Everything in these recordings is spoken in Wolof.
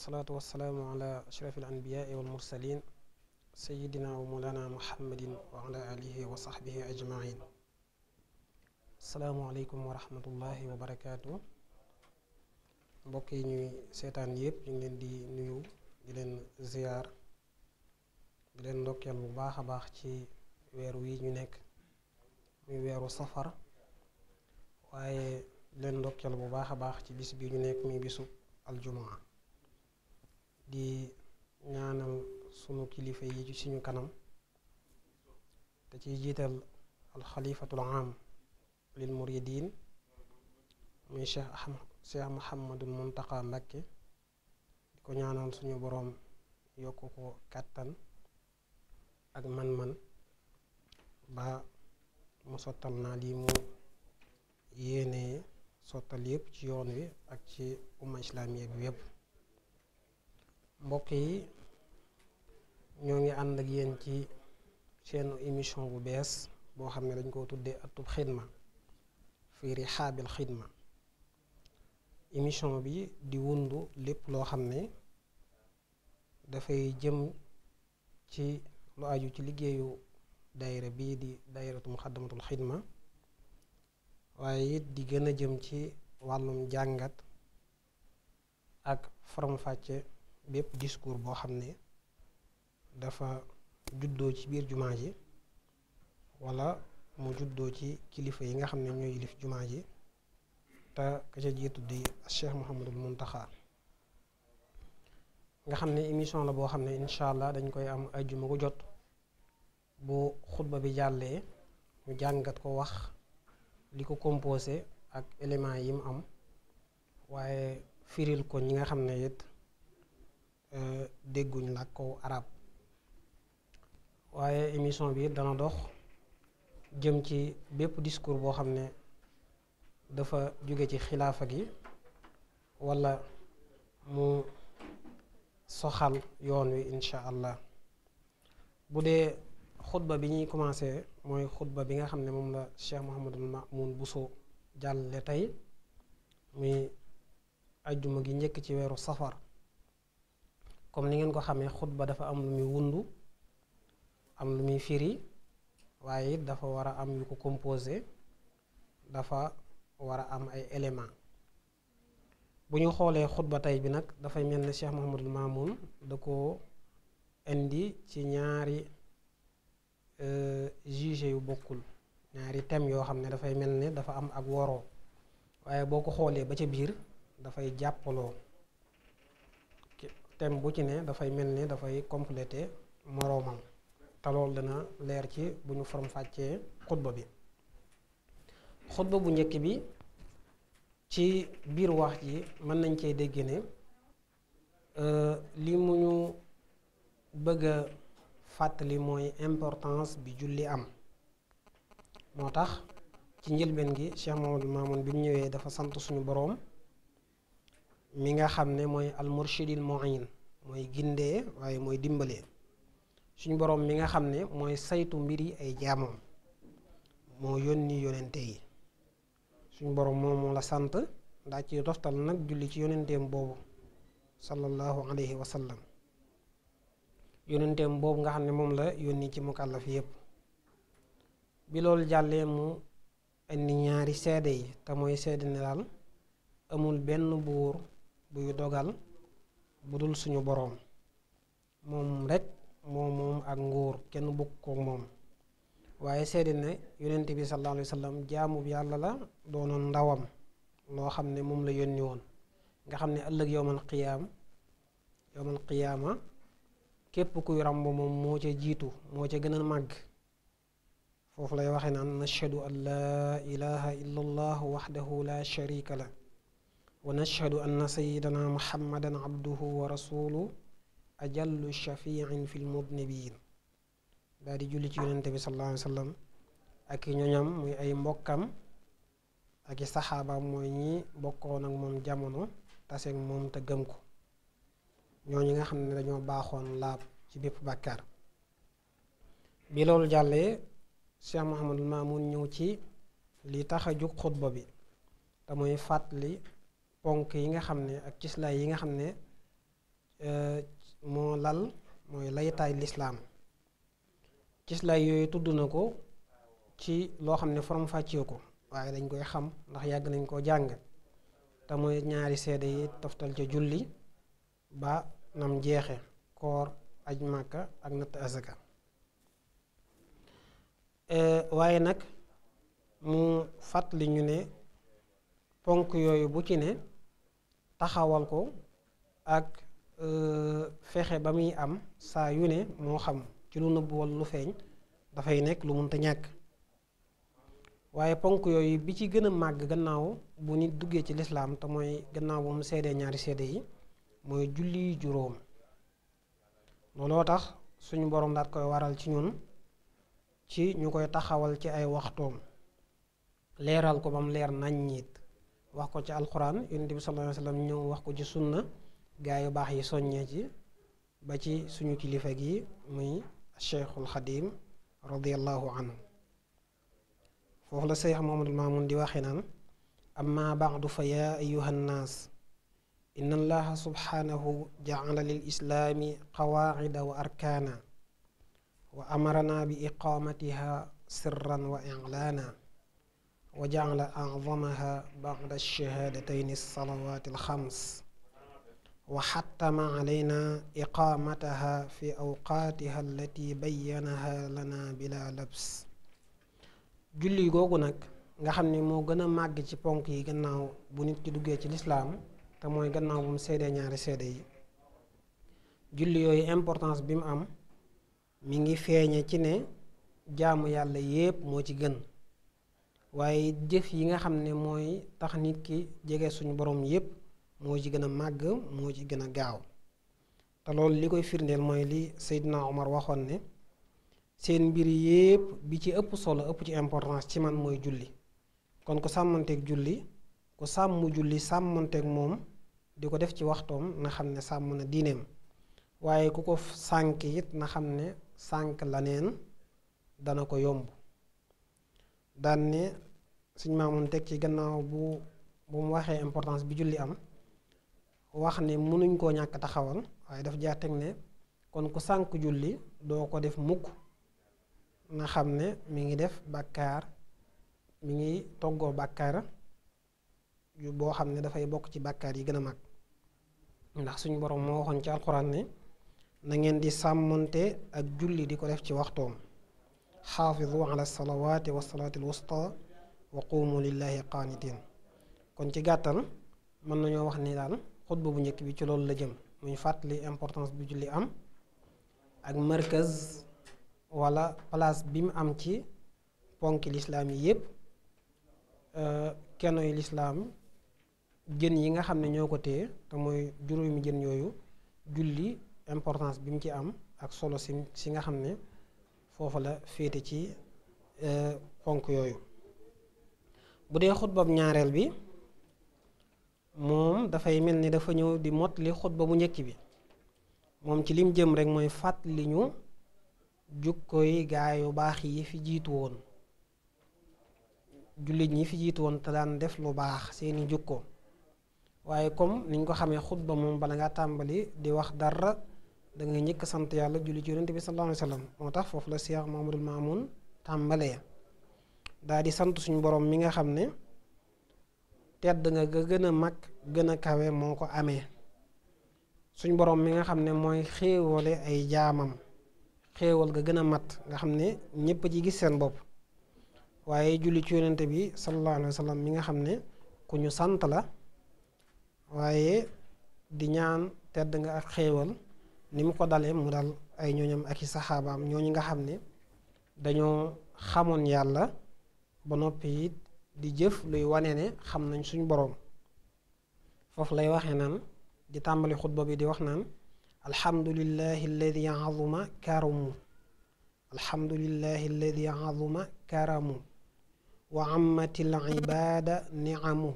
wasalaatu wasalaamu ala ashrafi alanbiyaai walmursalin sayidina wa moulana muhammadin wa ala alihi wa sahbihi ajmain asalaamualeykum wa rahmatullahi wa barakaatu mbokk yi ñuy seetaan yëpp ñu ngi leen di nuyu di leen ziyaar di leen ndokkeel bu baax a baax ci weer wii ñu nekk muy weeru safar waaye di leen ndokkeel bu baax a baax ci bis bi ñu nekk muy bisu aljumaa di ñaanal suñu kilifa yi ci suñu kanam te ciy jiital alxalifatul am lil muridin muy cheikh ahmad cheikh mohammadul muntaqa mbakke di ko ñaanal suñu boroom yokk ko kàttan ak man-man ba mu sottal naa lii mu yéene sottal yépp ci yoon wi ak ci umma islaamiya bi yépp mbokk yi ñoo ngi ànd ak yéen ci seen émission bu bees boo xam ne dañ koo tuddee atub xidma fii rihaabil xidma émission bi di wundu lépp loo xam ne dafay jëm ci lu aju ci liggéeyu daayira bii di daayiratu muxaddamatul xidma waaye it di gën a jëm ci wàllum jàngat ak faram-fàcce bépp discours boo xam ne dafa juddoo ci biir jumaa ji wala mu juddoo ci kilifa yi nga xam ne ñooy yilif jumaa ji te ka ca jiitu di Cheikh Mouhamadul Mountakha nga xam ne émission la boo xam ne incha allah dañ koy am ajjuma ko jot bu xutba bi jàllee ñu jàngat ko wax li ko composé ak éléments yi mu am waaye firil ko ñi nga xam ne it Euh, dégguñ làkku arab waaye émission bi dana dox jëm ci bépp discours boo xam ne dafa jóge ci xilaafa gi walla mu soxal yoon wi insha allah bu dee xutba bi ñuy commencé mooy xutba bi nga xam ne moom la Cheikh Mouhamadul Mamoun Bousso jàlle tey muy ajjuma gi njëkk ci weeru safar comme ni ngeen ko xamee xutba dafa am lu muy wundu am lu muy firi waaye dafa war a am yu ko composé dafa war a am ay éléments bu ñu xoolee xutba tey bi nag dafay mel ni Cheikh Mouhamadul Mamoun da ko indi ci ñaari euh, juge yu bokkul ñaari thèmes yoo xam ne dafay mel ne dafa am ak woro waaye boo ko xoolee ba ca biir dafay jàppaloo thème bu ci ne dafay mel ni dafay complété moroomam te loolu dana leer ci bu ñu forom fàccee xutba bi xutba bu njëkk bi ci biir wax ji mën nañ cee dégg ne euh, li mu ñu bëgg fàttali mooy importance bi julli am moo tax ci njëlbeen gi Cheikh Mamadou Mamoun bi mu ñëwee dafa sant suñu boroom mi nga xam ne mooy almurshidil muin mooy gindee waaye mooy dimbalee suñ boroom mi nga xam ne mooy saytu mbir yi ay jaamoom moo yónni yonente yi suñ boroom moom la sant ndaa ci nag julli ci yonenteem boobu sallallahu alayhi wa sallam yonenteem boobu nga xam ne moom la yónni ci mukallaf yépp bi loolu jàllee mu indi ñaari seede yi te mooy seede ne daal amul benn buur buy dogal bu dul suñu boroom moom rekk moom moom ak nguur kenn bukk ko moom waaye seede na yonent bi sallallahu alayhi wa sallam jaamu yàlla la doonoon ndawam loo xam ne moom la yónni woon nga xam ne ëllëg yowmal qiyaam yowmal qiyaama képp kuy ràmb moom moo ca jiitu moo ca gën a màgg foofu lay waxe naan nashhadu an laa ilaha illa waxdahu la sharika la ونشهد أن سيدنا محمدا عبده ورسوله أجل الشفيع في المذنبين daal di julli ci yonent bi sallallahu wa sallam ak i ñoñam muy ay mbokkam ak i saxaabaam mooy ñi bokkoon ak moom jamono taseeg moom te gëm ko ñooñu nga xam ne dañoo baaxoon laab ci bépp bàkkaar bi loolu jàllee Cheikh Mouhamadul Mamoun ñëw ci li tax a jug xutba bi te muy fàttali ponk yi nga xam ne ak cislaay yi nga xam ne eh, moo lal mooy laytaay lislaam cislaay yooyu tudd na ko ci loo xam ne forom fàccee ko waaye dañ koy xam ndax yàgg nañ koo jàng te mooy ñaari sedd yi toftal ca julli ba nam jeexe koor aj màkka ak natt azaka eh, waaye nag mu fàttali ñu ne ponk yooyu bu ci ne taxawal ko ak euh, fexe ba muy am saa yu ne moo xam ci lu nëbb walla lu feeñ dafay nekk lu mënta ñàkk waaye ponk yooyu bi ci gën a màgg gannaaw bu nit duggee ci lislaam te mooy gannaaw bu mu seedee ñaari sedd yi mooy julli juróom looloo tax suñu boroom daat koy waral ci ñun ci ñu koy taxawal ci ay waxtoom leeral ko ba mu leer naññiit wax ko ci alquran yonent bi sallallahu alayhi wasallam ñëw wax ko ci sunna gaa yu baax yi soññee ci ba ci suñu kilifa gi muy cheikhul xadim radiallahu anhu foofu la cheikh Muhammadul Maamun di waxe naan amma baadu fa yaa ayuha inna allaha subhanahu jacala lil islaami qawaacida wa arkaana wa amarana bi iqaamatiha sirran wa iclaana wa jaala acdamaha bacda shahadatayni salawaati alxams wa xattama calayna iqaamataha fi awqaatiha allati bayyanaha lana bila labs julli googu nag nga xam ni moo gën a màgg ci ponk yi gannaaw bu nit ki duggee ci lislaam te mooy gannaaw bu mu seedee ñaari seede yi julli yooyu importance bi mu am mi ngi feeñe ci ne jaamu yàlla yépp moo ci gën waaye jëf yi nga xam ne mooy tax nit ki jege suñu borom yépp moo ci gën a màgg moo ci gën a gaaw te loolu li koy firndeel mooy li Seydina Omar waxoon ne seen mbir yépp bi ci ëpp solo ëpp ci importance ci man mooy julli kon ku sàmmanteeg julli ku sàmm julli sàmmanteeg moom di ko def ci waxtoom na xam ne sàmm na diineem waaye ku ko sànk it na xam ne sànk la neen dana ko yomb daan ne suñ maamoon teg ci gannaaw bu bu mu waxee importance bi julli am wax ne mënuñ koo ñàkk taxawal waaye daf jaar teg ne kon ku sànk julli doo ko def mukk na xam ne mi ngi def bàkkaar mi ngi toggoo bàkkaar yu boo xam ne dafay bokk ci bàkkaar yi gën a mag ndax suñ borom moo waxoon ci alxuraan ne na ngeen di sàmmante ak julli di ko def ci waxtoom xaafizu ala salawaati wa salaati alwusta wa quumu lillahi qaanitiin kon ci gàttal mën nañoo wax ni daal xutba bu njëkk bi ci loolu la jëm muy fàttali importance bu julli am ak markaz wala place bi mu am ci ponki lislaam yi yépp euh, keno yi lislaam jën yi nga xam ne ñoo ko téye te mooy juróomi jën yooyu julli importance bi mu ci am ak solo si si nga xam ne foofu la féete ci eh, ponk yooyu bu dee xutbab ñaareel bi moom dafay mel ni dafa ñëw di mot li xutba bu njëkk bi moom ci lim jëm rek mooy fàttali ñu jukkoy gaa baax yi fi jiitu woon jullit ñi fi jiitu woon te daan def lu baax seeni jukko waaye comme niñ ko xamee xutba moom bala nga tàmbali di wax dara da nga njëkk sant yàlla julli ci yonent bi sallallahu alayhi moo tax foofu la Cheikh Mahamadul Maamoun tàmbalee daal di sant suñu borom mi nga xam ne tedd gën a mag gën a kawe moo ko amee suñu borom mi nga xam ne mooy xéewale ay jaamam xéewal ga gën a mat nga xam ne ñëpp ci gis seen bopp waaye julli bi sallallahu alayhi wa mi nga xam ne ku ñu sant la waaye di ñaan tedd nga ak xéewal ni mu ko dalee mu dal ay ñooñam ak i saxaabaam ñooñu nga xam ne dañoo xamoon yàlla ba noppi it di jëf luy wane ne xam nañ suñu boroom foofu lay waxee naan di tàmbali xutba bi di wax naan alhamdulillahi alladi azuma karamu alhamdulillahi alladi azuma karamu wa ammatil ibaada niamu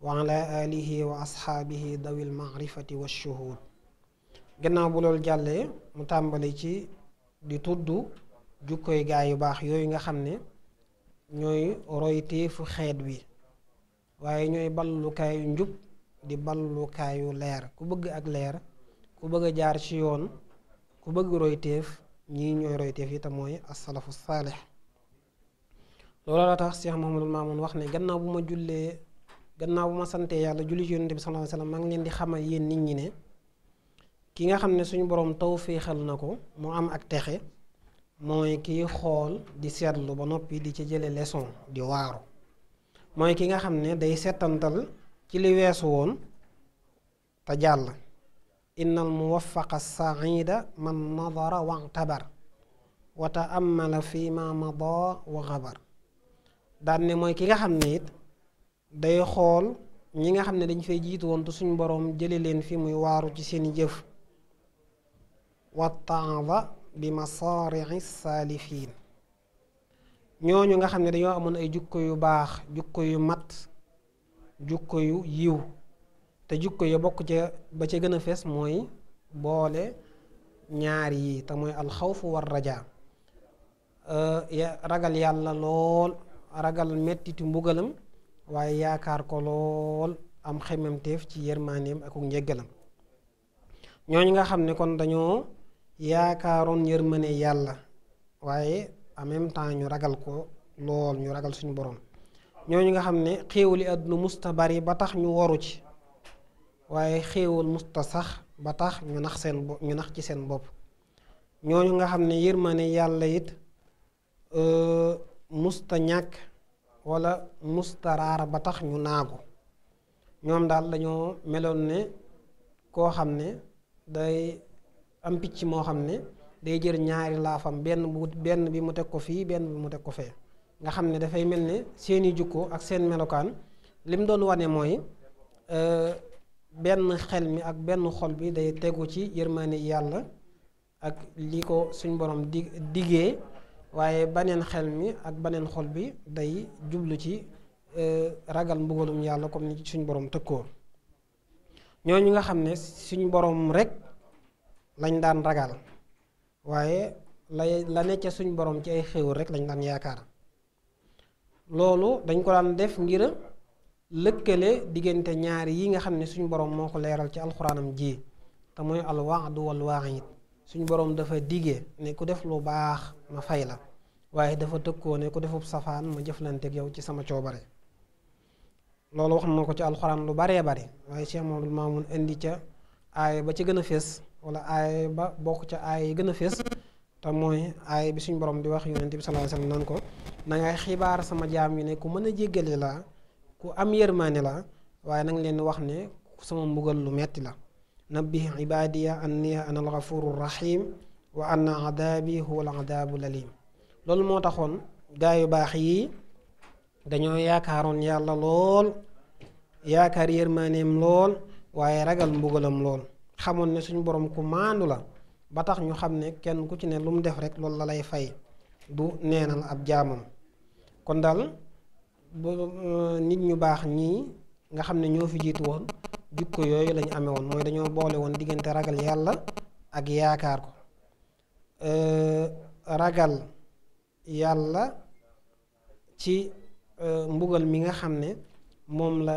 wa ala alihi wa asxaabihi dawil maarifati wa shuhud gannaaw bu lool jàllee mu tàmbali ci di tudd jukkoy gaa yu baax yooyu nga xam ne ñooy royteefu xeet wi waaye ñooy ballukaayu njub di ballukaayu leer ku bëgg ak leer ku bëgg a jaar ci yoon ku bëgg royteef ñi ñooy royteef yi te mooy asalafu saalix loolu la tax Cheikh Mouhamadul Mamoun wax ne gannaaw bu ma jullee gannaaw bu ma santee yàlla julli ci yonent bi sallallahu alayhi wasallam maa ngi leen di xamal yéen nit ñi ne ki nga xam ne suñu boroom borom tawféexal na ko mu am ak texe mooy ki xool di seetlu ba noppi di ci jële leçon di waaru mooy ki nga xam ne day seetantal ci li weesu woon te jàll innal muwaffaqa saida man nadara wa'tabar wa ta'ammala fi ma mada wa xabar daan ne mooy ki nga xam ne it day xool ñi nga xam ne dañ fay jiitu woon suñ boroom jële leen fi muy waaru ci seeni jëf wattaava bi ma masarii saalifiin ñooñu nga xam ne dañoo amoon ay jukko yu baax jukko yu mat jukko yu yiw te jukko yi bokk ca ba ca gën a fees mooy boole ñaar yi te mooy alxawfu war rajaa ragal yàlla lool ragal mettitu mbugalam waaye yaakaar ko lool am xemmemteef ci yërmandeem ak njëggalam ñooñu nga xam ne kon dañoo yaakaaroon yërmande yàlla waaye en même temps ñu ragal ko lool ñu ragal suñu ñoo ñu nga xam ne yi àdduna musta bari ba tax ñu waru ci waaye xéewal musta sax ba tax ñu nax seen bopp ñu ci seen bopp ñooñu nga xam ne yërmande yàlla it euh, musta ñàkk wala mustaraar ba tax ñu naagu ñoom daal dañoo meloon ne koo xam ne day am picc moo xam ne day jër ñaari laafam benn bu benn bi mu teg ko fii benn bi mu teg ko fee nga xam ne dafay mel ne seeni jukko ak seen melokaan lim doon wane mooy euh, benn xel mi ak benn xol bi day tegu ci yërmaane yàlla ak lii ko suñ borom di diggee waaye baneen xel mi ak baneen xol bi day jublu ci e, ragal mbugalum yàlla comme ni suñ borom ñoo ñooñu nga xam ne suñ borom rek lañ daan ragal waaye la la ne ca suñ borom ci ay xéewal rek lañ daan yaakaar loolu dañ ko daan def ngir lëkkale diggante ñaari yi nga xam ne suñ borom moo ko leeral ci alxuraanam ji te mooy alwaadu wal waa'id suñu boroom dafa digee ne ku def lu baax ma fay la waaye dafa tëkkoo ne ku defub safaan ma jëflanteeg yow ci sama coobare loolu wax na ko ci alxuraan lu baree bare waaye Cheikh Mamadou Mamoun indi ca aaya ba ca gën a fees wala aaya ba bokk ca aaya yi gën a fees te mooy aaya bi suñu borom di wax yonent bi sallallahu alayhi wasallam naan ko na xibaar sama jaam yi ne ku mën a jéggale la ku am yërmaane la waaye nanga leen wax ne sama mbugal lu metti la nabbih ibadiya anni ana alxafuru rahim wa anna adabi huwa aladabu lalim loolu moo taxoon gaa yu baax yi dañoo yaakaaroon yàlla lool yaakaar yërmaaneem lool waaye ragal mbugalam lool xamoon ne suñu boroom ku maandu la ba tax ñu xam ne kenn ku ci ne lu mu def rek loolu la lay fay du neenal ab jaamam kon daal euh, nit ñu baax ñii nga xam ne ñoo fi jiitu woon jikko yooyu lañu amee woon mooy dañoo boole woon diggante ragal yàlla ak yaakaar ko ragal yàlla ci e, mbugal mi nga xam ne moom la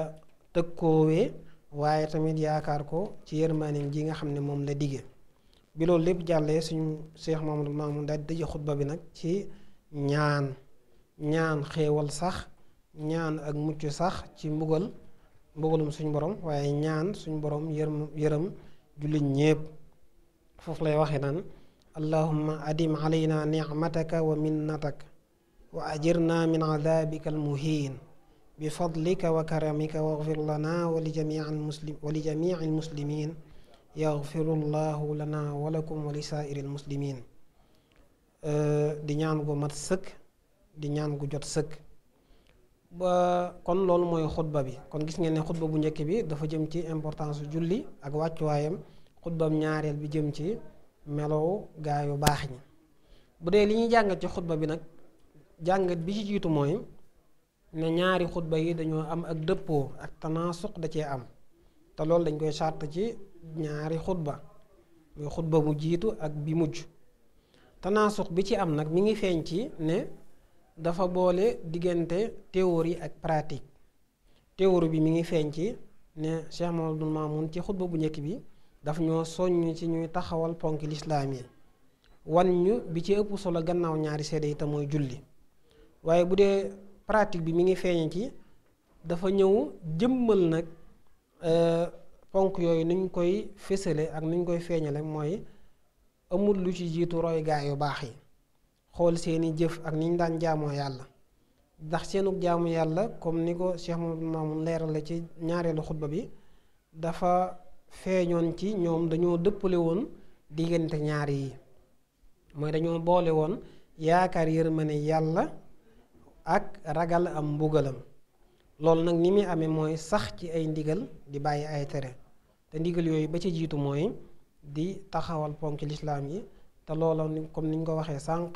tëkkoowee waaye tamit yaakaar ko ci yërmaanim ji nga xam ne moom la digge bi lépp jàllee suñu Cheikh Mamadou Mamoun daal di dëj xutba bi nag ci ñaan ñaan xéewal sax ñaan ak mucc sax ci mbugal mbugalum suñ borom waaye ñaan suñ borom yërëm yërëm jullit ñépp foofu lay waxe naan allahumma adim alayna nicmataka wa minnatak wa ajirna min adabika almuhin bi fadlika wa karamika waghfir lana wa li jamiici almuslim wa li jamiici almuslimin yaghfiru llahu lana wa lakum wa li saairi almuslimin di ñaan gu mat sëkk di ñaan gu jot sëkk ba kon loolu mooy xutba bi kon gis ngeen ne xutba bu njëkk bi dafa jëm ci importance julli ak wàccuwaayam xutbam ñaareel bi jëm ci melow gaa yu baax ñi bu dee li ñuy jàngat ci xutba bi nag jàngat bi ci jiitu mooy ne ñaari xutba yi dañoo am ak dëppoo ak tanaasuq da cee am te loolu dañ koy sàrt ci ñaari xutba muy xutba bu jiitu ak bi mujj tanaasuq bi ci am nag mi ngi feeñ ci ne dafa boole diggante théorie ak pratique théorie bi mu ngi feeñ ci ne Cheikh Mamadou ci xutba bu njëkk bi daf soññ ci ñuy taxawal ponk lislaam yi bi ci solo gannaaw ñaari seede yi mooy julli waaye bu dee pratique bi mi ngi feeñ ci dafa ñëw jëmmal nag euh, ponk yooyu nuñ koy fësale ak nuñ koy feeñale mooy amul lu ci jiitu roy gaa yu baax yi xool seeni jëf ak ni ñu daan jaamoo yàlla ndax seenug jaamu yàlla comme ni ko Cheikh Mamadou Mamoun la ci ñaareelu xutba bi dafa feeñoon ci ñoom dañoo dëppale woon diggante ñaar yi mooy dañoo boole woon yaakaar yërmande yàlla ak ragal am mbugalam loolu nag ni muy amee mooy sax ci ay ndigal di bàyyi ay tere te ndigal yooyu ba ci jiitu mooy di taxawal ponk lislaam yi te loola comme ni ñu ko waxee sànq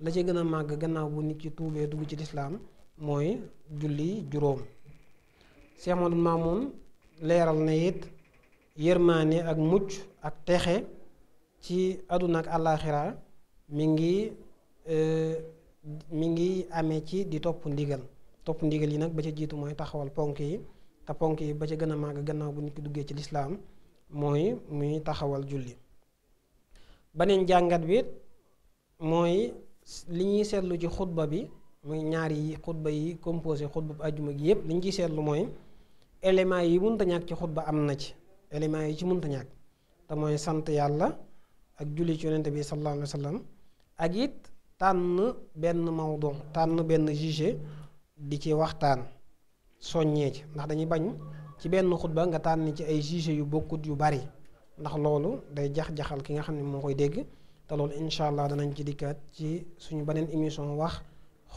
la ci gën a màgg gannaaw bu nit ci tuubee dugg ci lislaam mooy julli juróom Cheikh Modou leeral na it yërmaane ak mucc ak texe ci àdduna ak àllaaxira mi ngi e, mi ngi amee ci di topp ndigal topp ndigal yi nag ba ca jiitu mooy taxawal ponk yi te ponk yi ba ca gën a màgg gannaaw bu nit ki duggee ci lislaam mooy muy taxawal julli beneen jàngat bi mooy li ñuy seetlu ci xutba bi muy ñaari yi xutba yi composé xutba bu àjjuma gi yépp li ñu ciy seetlu mooy éléments yi mënta ñàkk ci xutba am na ci élément yi ci mënta ñàkk te mooy sant yàlla ak julli ci yonent bi sallallahu alayhi wa sallam ak it tànn benn mawdu tànn benn sujet di ci waxtaan soññee ci ndax dañuy bañ ci benn xutba nga tànn ci ay sujet yu bokkut yu bari ndax loolu day jax jaxal ki nga xam ne moo koy dégg te loolu incha allah danañ ci dikkaat ci suñu beneen émission wax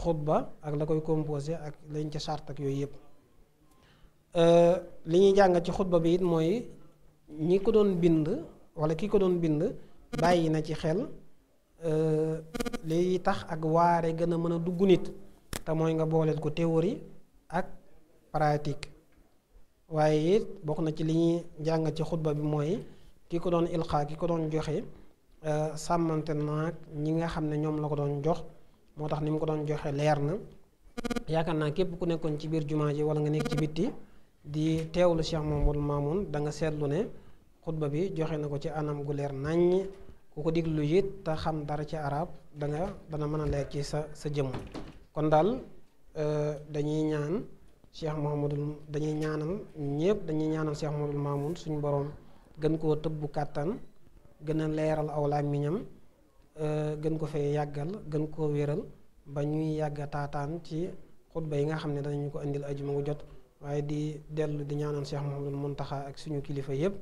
xutba ak la koy composé ak lañ ca sart ak yooyu yëpp euh, li ñuy jàngat ci xutba bi it mooy ñi ko doon bind wala ki ko doon bind bàyyi na ci xel euh, liy tax ak waare gën a mën a dugg nit te mooy nga booleel ko théorie ak pratique waaye it bokk na ci li ñuy jàngat ci xutba bi mooy ki ko doon ilqa ki ko doon joxe. Euh, sàmmante naag ñi nga xam ne ñoom la ko doon jox moo tax ni mu ko doon joxe leer na yaakaar naa képp ku nekkoon ci biir jumaa ji wala nga nekk ci bitti di teewlu Cheikh Mamadou Mamoun da nga seetlu ne xutba bi joxe na ko ci anam gu leer naññ ku ko diglu it te xam dara ci arab danga nga dana mën a leer ci sa sa jëmm kon daal euh, dañuy ñaan Cheikh Mamadou dañuy ñaanal ñëpp dañuy ñaanal Cheikh Mamadou Mamoun suñu boroom gën koo tëbbu kàttan gën a leeral aw làmmiñam euh, gën ko fee yàggal gën koo wéral ba ñuy yàgga taataan ci xutba yi nga xam ne danañu ko indil ajuma gu jot waaye di dellu di ñaanal Cheikh mun Mountakha ak suñu kilifa yëpp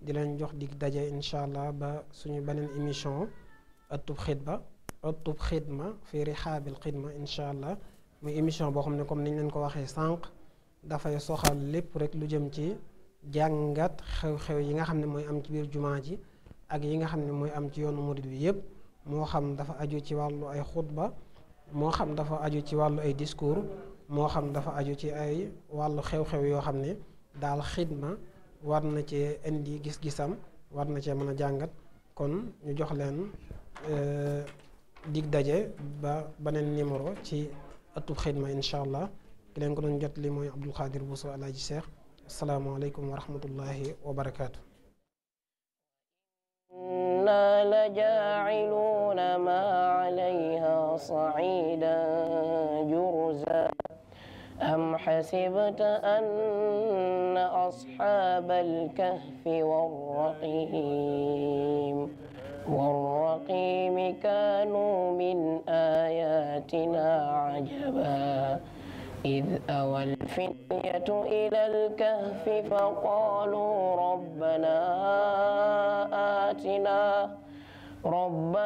di leen jox dig daje incha allah ba suñu beneen émission ëttub xidma ëttub xidma fi rihaabil xidma incha allah muy émission boo xam ne comme niñ leen ko waxee sànq dafay soxal lépp rek lu jëm ci jàngat xew-xew yi nga xam ne mooy am ci biir jumaa ji ak yi nga xam ne mooy am ci yoonu murid bi yëpp moo xam dafa aju ci wàllu ay xutba moo xam dafa aju ci wàllu ay discours moo xam dafa aju ci ay wàllu xew-xew yoo xam ne daal xidma war na cee indi gis-gisam war na cee mën a jàngat kon ñu jox leen eh, dig daje ba beneen numéro ci ëttub xidma incha allah ki leen ko doon jot li mooy Abdul Xaadir Bousso Alaaji Cheikh asalaamaaleykum wa rahmatullahi wa إنا لجاعلون ما عليها صعيدا جرزا أم حسبت أن أصحاب الكهف والرقيم والرقيم كانوا من آياتنا عجبا إذ أوى الفتية إلى الكهف فقالوا ربنا آتنا ربنا